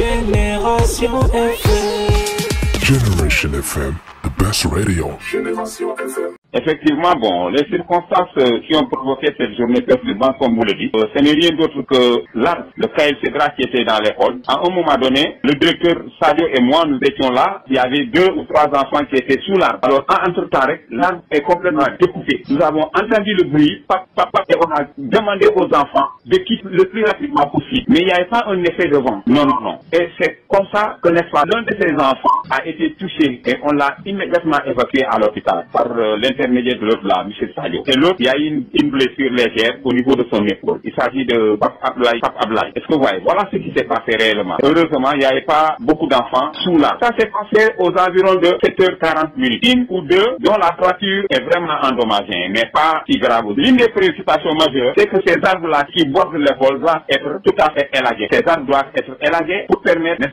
Génération FM. Génération FM, the best radio. Génération FM. Effectivement, bon, les circonstances euh, qui ont provoqué cette journée perturbante, comme vous le dites, euh, ce n'est rien d'autre que l'arbre le Gras qui était dans l'école. À un moment donné, le directeur Sadio et moi, nous étions là. Il y avait deux ou trois enfants qui étaient sous l'arbre. Alors, entre-temps, l'arbre est complètement découpée. Nous avons entendu le bruit, pap, et on a demandé aux enfants de quitter le plus rapidement possible. Mais il n'y avait pas un effet de vent. Non, non, non. Et c'est comme ça que n'est-ce pas, l'un de ses enfants a été touché et on l'a immédiatement évacué à l'hôpital par euh, l'intermédiaire de l'autre là, M. Sadio. Et l'autre, il y a une, une blessure légère au niveau de son épaule. Il s'agit de Pape Est-ce que vous voyez Voilà ce qui s'est passé réellement. Heureusement, il n'y avait pas beaucoup d'enfants sous là. Ça s'est passé aux environs de 7h40 minutes. Une ou deux dont la fracture est vraiment endommagée, mais pas si grave. L'une des préoccupations majeures, c'est que ces arbres-là qui bordent le vol doivent être tout à fait Ces arbres doivent être élagués pour permettre, nest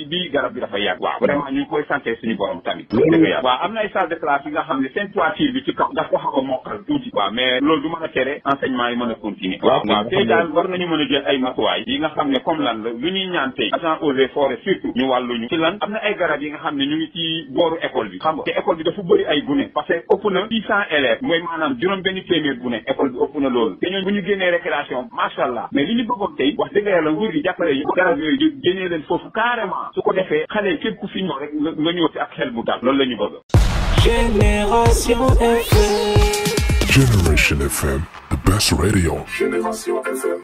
ci bii garab bi dafa yàgg waaw vraiment ñu ngi koy santé suñu borom tamit dëgg yàlla waaw am na ay salle de classe yi nga xam ne seen bi ci kaw daf ko xaw a mokkal tuuti waaw mais loolu du mën a tere enseignement yi mën a continuer waaw waaw tey daal yi nga xam ne comme lan lu ñuy ñaan tey agent eaux et surtout ñu wàlluñu ci lan am na ay garab yi nga xam ne ñu ngi ci booru école bi xam te école bi dafa bëri ay gune parce que ëpp na six cent élèves mooy maanaam juróom benn su ko defee xale yi képp ku fiñ ñëw rek nga ñëw si ak xel bu dal loolu la ñu bëgg. Génération FM. Génération FM, the best radio. Génération FM.